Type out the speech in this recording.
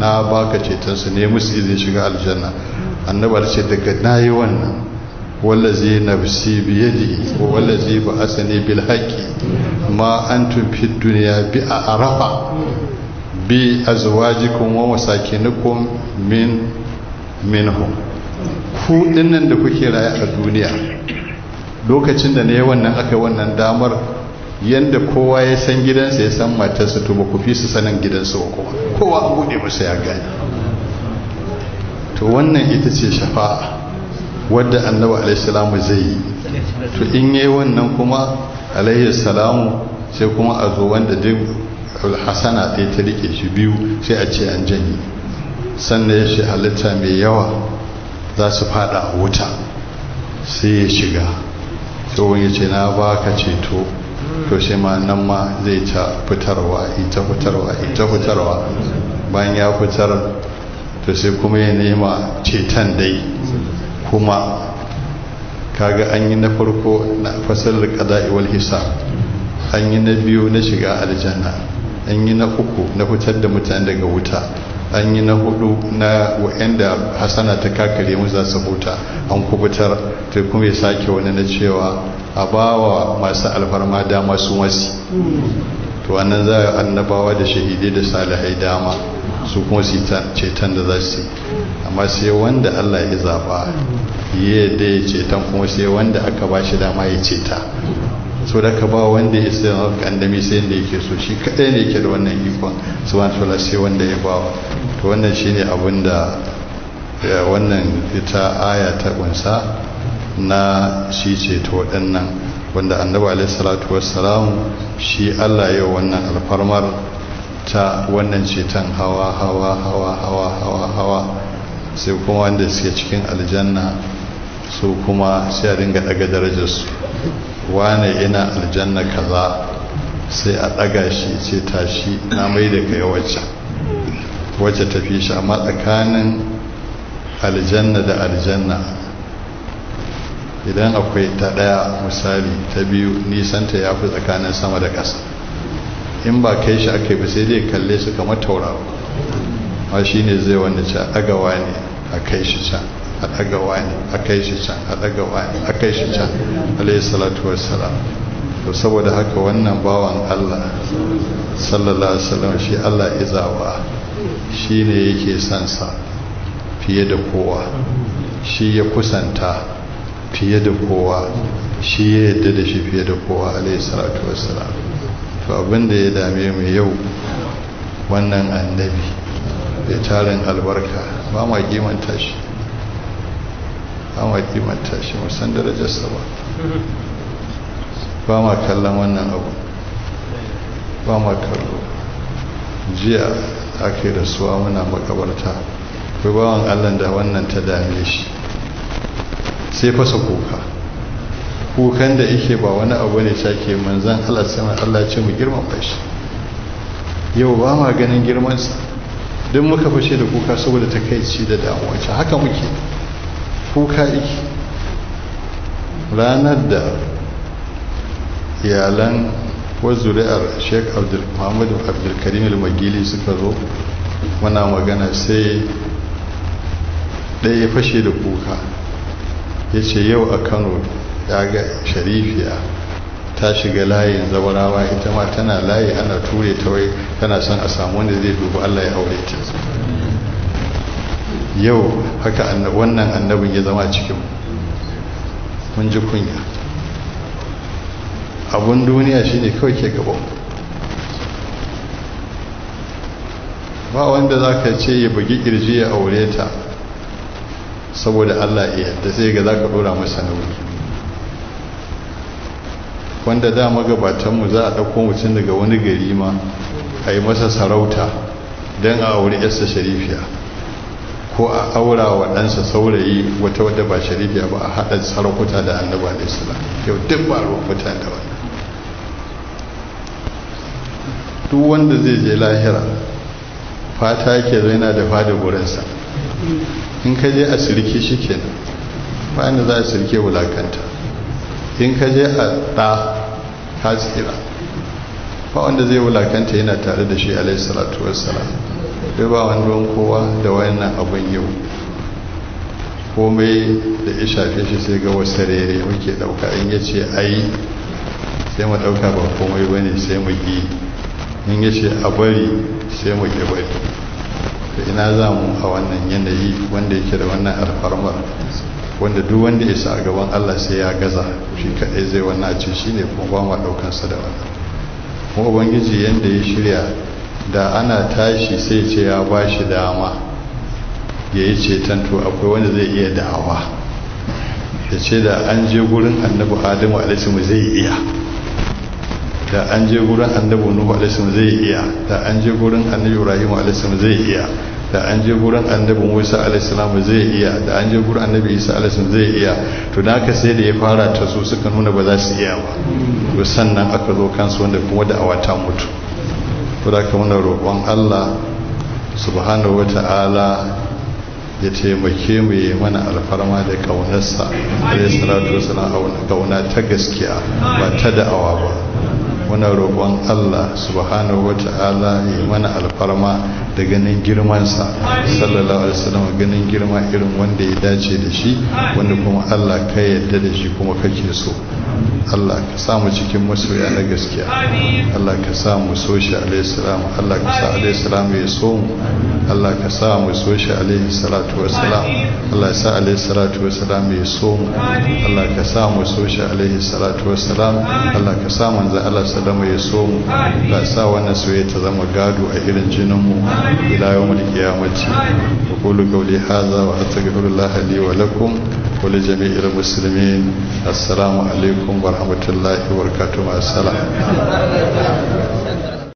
na baka su ne musu zai shiga aljanna annabar ce daga nayi wannan wallazi nafsi biyadi ko wallazi ba asani bil haqi ma antum fi dunya bi arafa bi azwajikum wa masakinukum min minhu ku dinnan da kuke raye a duniya lokacin da ne wannan aka wannan damar Yadda kowa ya san gidansa ya san matarsa to ba ku fi su sanin gidansa ba kowa kowa an bude masa ya gani to wannan ita ce shafa'a wadda annabi alaihissalamu zai yi to in yi wannan kuma alaihissalamu sai kuma a zo wanda duk alhassana ta ta rike shi biyu sai a ce an janye sannan ya shi halitta mai yawa za su fada a wuta sai ya shiga tsohon ya ce na baka ceto to shi ma nan ma zai ta fitarwa ita fitarwa ita fitarwa bayan ya fitar to sai kuma ya nema ceton dai kuma kaga an yi na farko na ƙada'uwar qada'i wal hisab an yi na biyu na shiga aljanna an yi na uku na fitar da mutane daga wuta an yi na hudu na wa'anda hasana ta kakare mu za su huta an kubutar ta kuma ya sake wani na cewa a bawa masu alfarma dama su masi to wannan za a annabawa da shahidai da salihai dama su kuma su ceton da za su amma sai wanda Allah ya zaba ya da ya ceton kuma sai wanda aka ba shi dama ya ceta so da ka ba wanda ya sai na kandami sai da yake so shi kadai ne yake da wannan ikon subhanahu wa sai wanda ya ba to wannan shine abin da wannan ita aya ta kunsa na shi ce ta waɗannan wanda annabi alayhi salatu wassalam shi Allah ya wannan alfarmar ta wannan ceton hawa hawa hawa hawa hawa hawa sai kuma wanda suke cikin aljanna su kuma sai a dinga daga darajarsu wane ina aljanna kaza sai a daga shi ce tashi na mai da kai wacce wacce tafi shi amma tsakanin aljanna da aljanna idan akwai ta ɗaya misali ta biyu nisanta ya fi tsakanin sama da ƙasa in ba kai shi aka yi sai dai kalle su kamar tauraro ma shi ne zai wani ca ɗagawa ne a kai shi can a ɗaga wani a kai shi can a ɗaga wani a kai shi can alayhi salatu wassalam to saboda haka wannan bawan Allah sallallahu alaihi wasallam shi Allah izawa shi ne yake san sa fiye da kowa shi ya kusanta fiye da kowa shi ya yadda da shi fiye da kowa alayhi salatu wassalam to abinda ya dame mu yau wannan annabi ya tarin albarka ba ma kimanta shi an wa kimanta shi musan darajarsa ba ba ma kallon wannan abu ba ma kallo jiya ake da suwa muna makabarta kai bawan allon da wannan ta dame shi sai fasa kuka kukan da yake ba wani abu ne sake manzan allah sama allah ce mu girmama shi yau ba ma ganin girmansa Don muka fashe da kuka saboda ta takaici da damuwa haka muke kuka iki ranar da iyalan wazuri'ar sheik muhammadu abdulkarim al-magili suka zo muna magana sai ɗaya fashe da kuka ya ce yau a kano ya ga sharifiya ta shiga layin zawarawa ita ma tana layi ana ture ta wai tana son a samu wanda zai duba allah ya aure ta yau haka wannan annabin ya zama cikin mun ji kunya abun duniya shine kawai ke gaba ba wanda za ka ce ya bugi ƙirji ya aure ta saboda allah iya da sai ga za ka dora masa nauyi wanda da magabatanmu za a ɗauko mutum daga wani gari ma a yi masa sarauta don a aure yarsa sharifiya ko a aura wa ɗansa saurayi wata wadda ba sharifiya ba a haɗa sarakuta da annabi alaihissalam yau duk ba ruwan mutane da wannan duk wanda zai je lahira fata yake zaina da fada gurinsa in ka je a sirki shi kenan bayan da za a sirke wulakanta in ka je a ɗa ta tsira ba wanda zai wulakanta yana tare da shi alaihissalatu wassalam kai ba wani ruwan kowa da wannan abin yau komai da ya shafe shi sai ga wasu rere muke ɗauka in ya ce ai sai mu ɗauka ba komai ba ne sai mu gi, in ya ce a bari sai mu ƙi bari da ina za mu a wannan yanayi wanda yake da wannan alfarmar wanda duk wanda ya sa a gaban allah sai ya gaza shi kaɗai zai wannan a ce shi ne kuma ba mu ɗaukansa da wannan kuma ubangiji yadda ya shirya da ana tashi sai ce ya ba shi dama ya yi ceton to akwai wanda zai iya da'awa ya ce da an je gurin annabu adamu alisimu zai iya da an je gurin annabi nuhu alisimu zai iya da an je gurin annabi ibrahim alisimu zai iya da an je gurin annabi musa alaihi zai iya da an je gurin annabi isa alisimu zai iya to da aka sai da ya fara ta su suka nuna ba za su iya ba to sannan aka zo kansu wanda kuma da awata mutu kuda ka muna roƙon Allah subhanahu ta'ala ya taimake mu yi mana alfarma da kaunarsa alaihi wasu wasalam kauna ta gaskiya ba ta da'awa ba muna roƙon Allah subhanahu ta'ala ya mana alfarma da ganin girmansa sallallahu alaihi wasallam ganin girma irin wanda ya dace da shi wanda kuma Allah ka yarda da shi kuma kake so Allah ka samu cikin masoya na gaskiya Allah ka samu so shi alaihi salam Allah ka sa alaihi salam ya so mu Allah ka sa so shi alaihi salatu wassalam Allah ya sa alaihi salatu wassalam ya so mu Allah ka sa so shi alaihi salatu wassalam Allah ka sa manzo Allah wasallam ya so mu sa wannan soyayya ta zama gado a irin jinin mu ila yawmul qiyamati aqulu qawli hadha wa astaghfirullaha li wa lakum wa li jami'il muslimin assalamu alaikum wa rahmatullahi wa barakatuh assalam